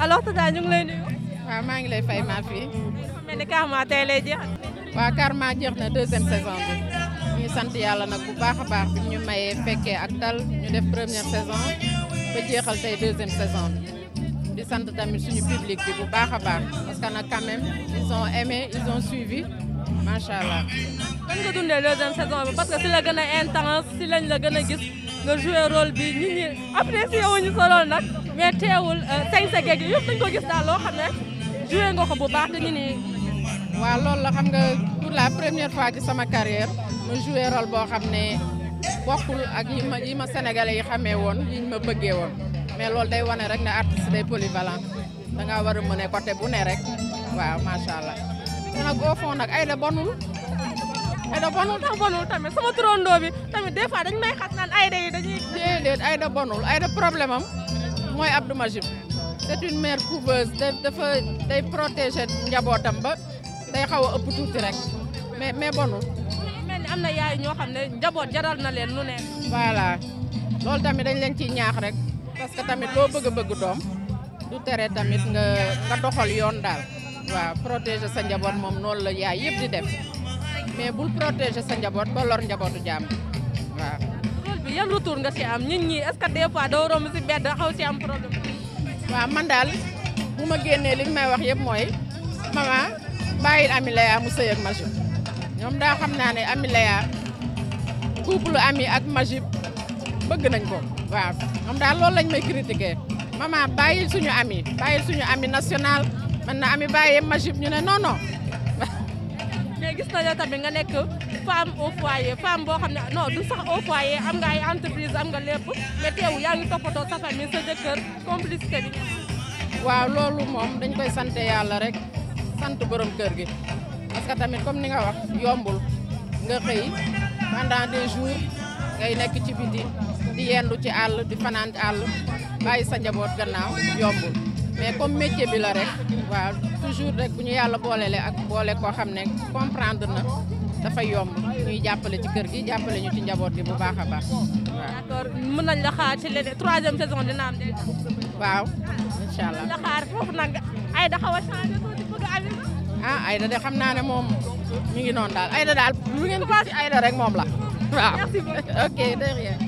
alors Tata ñu ngi lay nuyu. waaw maa ngi lay fay ma fii. mel ni Karma tey lay jeex. waaw Karma jeex na deuxième saison bi ñu sant yàlla nag bu baax a baax bi ñu mayee fekkee ak dal ñu def première saison ba jeexal tey deuxième saison bi. di sant tamit suñu public bi bu baax a baax parce que nag ils ont aimé ils ont suivi macha allah. ban nga dundee deuxième saison bi parce que si la gën a intense si lañ la gën a gis. nga joué rôle bi nit ñi apprécié wuñu sa rôle nag mais teewul sañ-sañ euh, nga ko bu baax te ñu ni waaw loolu la xam nga pour la première fois ci sama carrière ma joué rôle boo xam ne bokkul ak yi ma yi yi xamee woon yi ma bëggee woon mais loolu day wane rek ne artiste day polyvalent da ngaa war a mën a côté bu ne rek waaw macha allah te nag au nag ay la bonul. Aida bonul tax bonul tamit sama turandoo bi tamit des fois dañ may xas naan Aida yi dañuy. déedéet Aida bonul Aida problème am mooy Abdou Majib c'est une mère couveuse dafa day protéger njabootam ba day xaw a ëpp tuuti rek mais mais bonul. mel ni am na yaay ñoo xam ne njaboot jaral na leen lu ne. voilà loolu tamit dañ leen ciy ñaax rek parce que tamit loo bëgg a bëgg doom du tere tamit nga nga doxal yoon daal. waaw protéger sa njaboot moom noonu la yaay yëpp di def. mais bul protéger sa njaboot ba lor njabootu jaam waa rôle bi yan retour nga si am nit ñi est-ce que des fois si bedd xaw si am problème. waaw man daal bu ma génnee li may wax yëpp mooy maman bàyyil Amilaya mu sëy ak Majib ñoom daa xam naa ne Amilaya couple ami ak Majib bëgg nañ ko waaw ñoom daal loolu lañ may critiquer maman bàyyil suñu ami bàyyil suñu ami national man na ami bàyyee Majib ñu ne non non. gis na yow tamit nga nekk femme au foyer boo xam ne non du sax au foyer am nga entreprise am nga lépp mais teewu yaa ngi toppatoo sa famille sa jëkkër complicité waaw loolu moom dañ koy sante yàlla rek sant borom kër gi parce tamit comme ni nga wax yombul nga xëy pendant des jours ngay nekk ci biti di yendu ci àll di fanaan àll bàyyi sa njaboot gannaaw yombul. mais comme métier bi la rek waaw toujours rek bu ñu yàlla boolele ak boole koo xam ne comprendre na dafa yomb ñuy jàppale ci kër gi jàppale ñu ci njaboot gi bu baax a baax waaw. d'accord mën nañ la xaar ci leneen troisième saison dina am dégg waaw incha allah la xaar foofu ay da ah, de xam naa ne moom mu ngi noon daal Aïda daal lu ngeen ko ci Aïda rek moom la waaw. merci